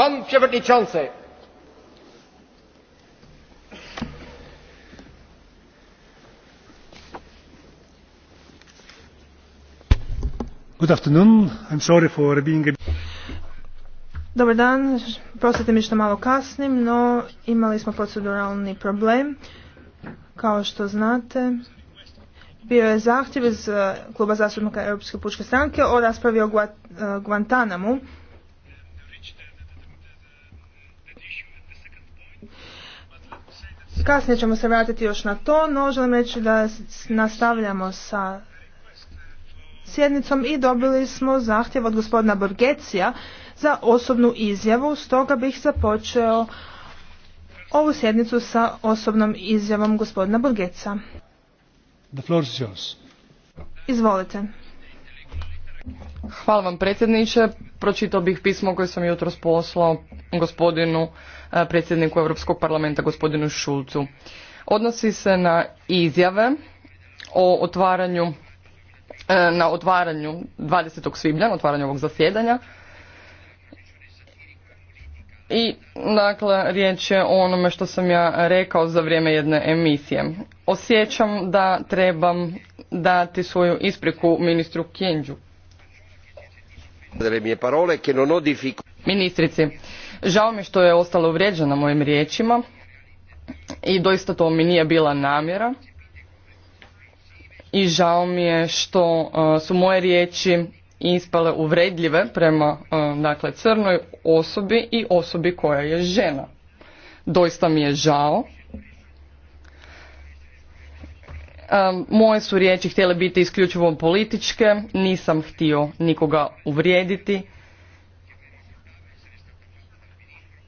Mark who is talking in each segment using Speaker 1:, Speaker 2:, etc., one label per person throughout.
Speaker 1: Pan Przewodniczący! Good afternoon. I'm sorry for being Dobar dan, prostite mi što malo kasnim, no imali smo proceduralni problem. Kao što znate, bio je zahtjev iz eh, Kluba zastupnika Europske pučke stranke o raspravi o eh, Guantanamu. Kasnije ćemo se vratiti još na to, no želim reći da nastavljamo sa sjednicom i dobili smo zahtjev od gospodina Borgecija za osobnu izjavu, stoga bih započeo ovu sjednicu sa osobnom izjavom gospodina Borgeca. Izvolite.
Speaker 2: Hvala vam predsjedniče. Pročitao bih pismo koje sam jutros poslao gospodinu e, predsjedniku Europskog parlamenta gospodinu Šulcu. Odnosi se na izjave o otvaranju e, na otvaranju 20. svibnja, na otvaranju ovog zasjedanja. I, dakle, riječ je o onome što sam ja rekao za vrijeme jedne emisije. Osjećam da trebam dati svoju ispriku ministru Kjenđu. Ministrici, Žao mi što je ostala uvrijeđena mojim riječima i doista to mi nije bila namjera. I žao mi je što e, su moje riječi ispale uvredljive prema e, dakle, crnoj osobi i osobi koja je žena. Doista mi je žao. E, moje su riječi htjele biti isključivo političke, nisam htio nikoga uvrijediti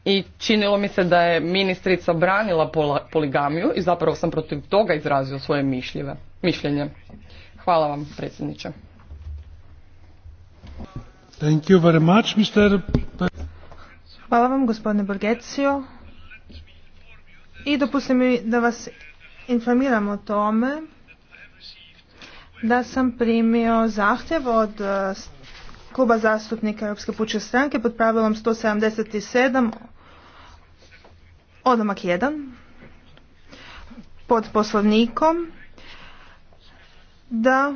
Speaker 2: i činilo mi se da je ministrica branila poligamiju i zapravo sam protiv toga izrazio svoje mišljive, mišljenje. Hvala vam, predsjedniče.
Speaker 1: Thank you very much, Mr. Hvala vam, gospodine Borgecio. I dopustite mi da vas informiram o tome da sam primio zahtjev od eh, Kluba zastupnika Europske pučke stranke pod pravilom 177 Odlomak 1. Pod poslovnikom da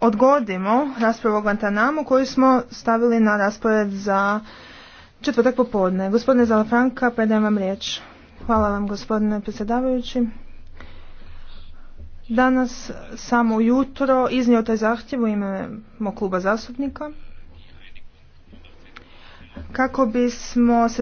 Speaker 1: odgodimo raspravu o Guantanamu koju smo stavili na raspored za četvrtak popodne. Gospodine Zalafranka, predajem vam riječ. Hvala vam gospodine predsjedavajući. Danas samo jutro iznio taj zahtjev u ime mog kluba zastupnika kako bismo se